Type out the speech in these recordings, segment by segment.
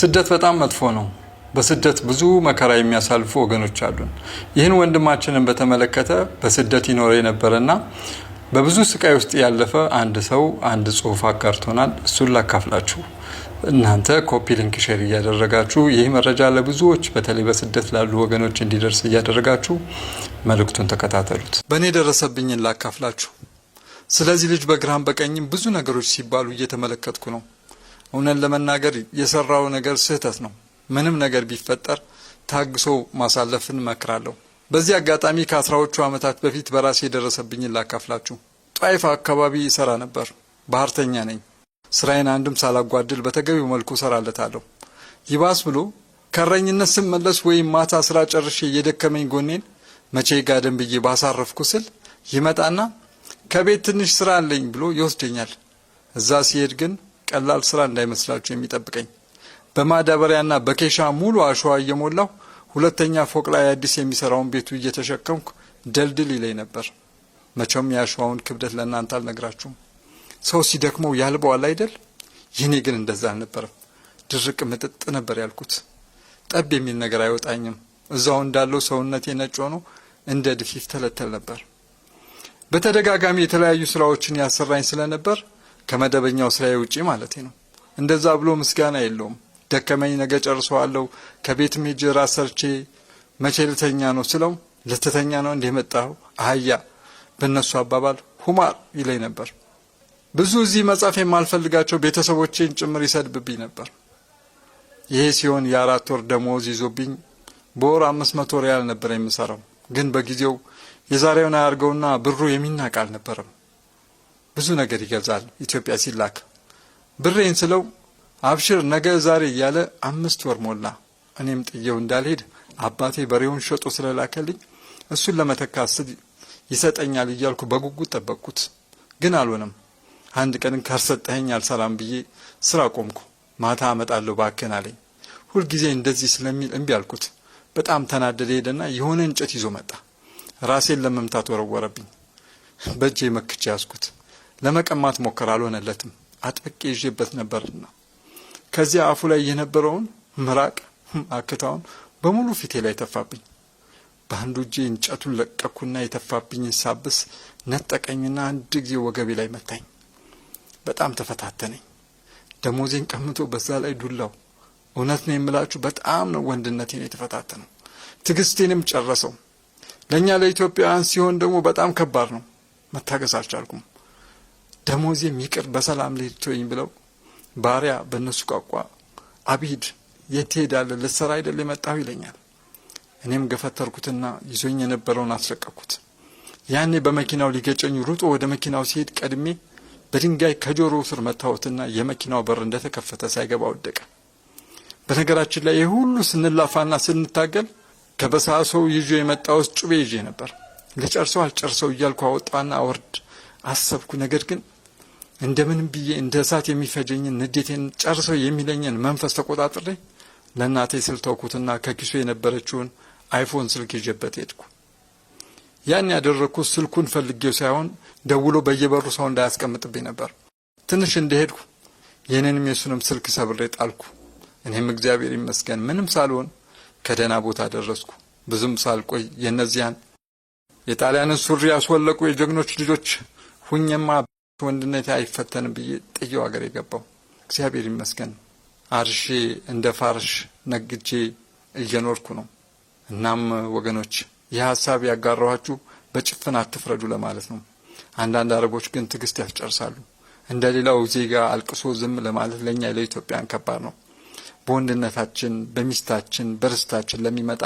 ስደት በጣም መጥፎ ነው። በስደት ብዙ መከራ የሚያሳልፉ ወገኖች አሉን። ይህን ወንድማችንን በተመለከተ በስደት ይኖረ የነበረና በብዙ ስቃይ ውስጥ ያለፈ አንድ ሰው አንድ ጽሁፍ አጋርቶናል። እሱን ላካፍላችሁ። እናንተ ኮፒ ሊንክ ሼር እያደረጋችሁ ይህ መረጃ ለብዙዎች በተለይ በስደት ላሉ ወገኖች እንዲደርስ እያደረጋችሁ መልእክቱን ተከታተሉት። በእኔ ደረሰብኝን ላካፍላችሁ። ስለዚህ ልጅ በግራም በቀኝም ብዙ ነገሮች ሲባሉ እየተመለከትኩ ነው። እውነት ለመናገር የሰራው ነገር ስህተት ነው። ምንም ነገር ቢፈጠር ታግሶ ማሳለፍን እመክራለሁ። በዚህ አጋጣሚ ከአስራዎቹ ዓመታት በፊት በራሴ የደረሰብኝን ላካፍላችሁ። ጧይፍ አካባቢ ይሰራ ነበር። ባህርተኛ ነኝ። ስራዬን አንድም ሳላጓድል በተገቢው መልኩ እሰራለታለሁ። ይባስ ብሎ ከረኝነት ስመለስ ወይም ማታ ስራ ጨርሼ የደከመኝ ጎኔን መቼ ጋደን ብዬ ባሳረፍኩ ስል ይመጣና ከቤት ትንሽ ስራ አለኝ ብሎ ይወስደኛል። እዛ ሲሄድ ግን ቀላል ስራ እንዳይመስላችሁ የሚጠብቀኝ በማዳበሪያና በኬሻ ሙሉ አሸዋ እየሞላሁ ሁለተኛ ፎቅ ላይ አዲስ የሚሰራውን ቤቱ እየተሸከምኩ ደልድል ይለኝ ነበር። መቼም የአሸዋውን ክብደት ለእናንተ አልነግራችሁም። ሰው ሲደክመው ያልበዋል አይደል? ይህኔ ግን እንደዛ አልነበረም። ድርቅ ምጥጥ ነበር ያልኩት። ጠብ የሚል ነገር አይወጣኝም። እዛው እንዳለው ሰውነቴ ነጭ ሆኖ እንደ ድፊፍ ተለተል ነበር። በተደጋጋሚ የተለያዩ ስራዎችን ያሰራኝ ስለነበር ከመደበኛው ስራዬ ውጪ ማለት ነው። እንደዛ ብሎ ምስጋና የለውም። ደከመኝ፣ ነገ ጨርሰዋለሁ፣ ከቤት ሄጄ ራስ ሰርቼ መቼ ልተኛ ነው ስለው ልትተኛ ነው እንዲህ መጣኸው አህያ፣ በእነሱ አባባል ሁማር ይለኝ ነበር። ብዙ እዚህ መጻፍ የማልፈልጋቸው ቤተሰቦቼን ጭምር ይሰድብብኝ ነበር። ይሄ ሲሆን የአራት ወር ደሞዝ ይዞብኝ በወር አምስት መቶ ሪያል ነበር የምሰራው። ግን በጊዜው የዛሬውን አያርገውና ብሩ የሚናቅ አልነበረም። ብዙ ነገር ይገልጻል። ኢትዮጵያ ሲላክ ብሬን ስለው አብሽር ነገ ዛሬ እያለ አምስት ወር ሞላ። እኔም ጥየው እንዳልሄድ አባቴ በሬውን ሸጦ ስለላከልኝ እሱን ለመተካት ስል ይሰጠኛል እያልኩ በጉጉት ጠበቅኩት። ግን አልሆነም። አንድ ቀን ካልሰጠኸኝ አልሰራም ብዬ ስራ ቆምኩ። ማታ አመጣለሁ ባክን አለኝ። ሁልጊዜ እንደዚህ ስለሚል እምቢ አልኩት። በጣም ተናደደ። ሄደና የሆነ እንጨት ይዞ መጣ። ራሴን ለመምታት ወረወረብኝ። በእጄ መክቼ ያዝኩት። ለመቀማት ሞከራ አልሆነለትም። አጥብቄ ይዤበት ነበርና ከዚያ አፉ ላይ የነበረውን ምራቅ አክታውን በሙሉ ፊቴ ላይ ተፋብኝ። በአንዱ እጄ እንጨቱን ለቀኩና የተፋብኝን ሳብስ ነጠቀኝና አንድ ጊዜ ወገቤ ላይ መታኝ። በጣም ተፈታተነኝ። ደሞዜን ቀምቶ በዛ ላይ ዱላው። እውነት ነው የምላችሁ፣ በጣም ነው ወንድነቴን የተፈታተነው። ትዕግስቴንም ጨረሰው። ለእኛ ለኢትዮጵያውያን ሲሆን ደግሞ በጣም ከባድ ነው። መታገስ አልቻልኩም። ደሞዝ የሚቅር በሰላም ልሂድ ብለው ባሪያ በእነሱ ቋቋ አብሂድ የት ትሄዳለህ? ልትሰራ አይደል የመጣሁ ይለኛል። እኔም ገፈተርኩትና ይዞኝ የነበረውን አስረቀኩት ያኔ በመኪናው ሊገጨኝ ሩጦ ወደ መኪናው ሲሄድ ቀድሜ በድንጋይ ከጆሮው ስር መታወትና የመኪናው በር እንደተከፈተ ሳይገባ ወደቀ። በነገራችን ላይ ሁሉ ስንላፋና ስንታገል ከበሳሶው ይዞ የመጣ ጩቤ ይዤ ነበር። ልጨርሰው አልጨርሰው እያልኩ አወጣና አወርድ አሰብኩ። ነገር ግን እንደምንም ብዬ እንደ እሳት የሚፈጀኝን ንዴቴን ጨርሶ የሚለኝን መንፈስ ተቆጣጥሬ ለእናቴ ስል ተውኩትና ከኪሱ የነበረችውን አይፎን ስልክ ይዤበት ሄድኩ። ያን ያደረግኩት ስልኩን ፈልጌው ሳይሆን ደውሎ በየበሩ ሰው እንዳያስቀምጥብኝ ነበር። ትንሽ እንደሄድኩ የኔንም የሱንም ስልክ ሰብሬ ጣልኩ። እኔም እግዚአብሔር ይመስገን ምንም ሳልሆን ከደህና ቦታ ደረስኩ። ብዙም ሳልቆይ የእነዚያን የጣሊያንን ሱሪ ያስወለቁ የጀግኖች ልጆች ሁኝማ ወንድነት አይፈተንም ብዬ ጥየው ሀገር የገባው እግዚአብሔር ይመስገን አርሼ እንደ ፋርሽ ነግጄ እየኖርኩ ነው። እናም ወገኖች ይህ ሀሳብ ያጋራኋችሁ በጭፍን አትፍረዱ ለማለት ነው። አንዳንድ አረቦች ግን ትዕግስት ያስጨርሳሉ። እንደ ሌላው ዜጋ አልቅሶ ዝም ለማለት ለእኛ ለኢትዮጵያን ከባድ ነው። በወንድነታችን፣ በሚስታችን፣ በርስታችን ለሚመጣ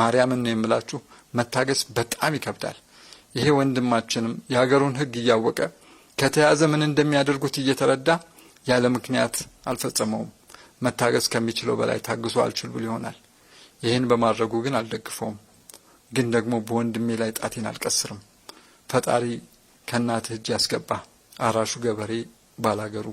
ማርያምን ነው የምላችሁ መታገስ በጣም ይከብዳል። ይሄ ወንድማችንም የሀገሩን ሕግ እያወቀ ከተያዘ ምን እንደሚያደርጉት እየተረዳ ያለ ምክንያት አልፈጸመውም። መታገስ ከሚችለው በላይ ታግሶ አልችል ይሆናል። ይህን በማድረጉ ግን አልደግፈውም። ግን ደግሞ በወንድሜ ላይ ጣቴን አልቀስርም። ፈጣሪ ከእናትህ እጅ ያስገባ አራሹ ገበሬ ባላገሩ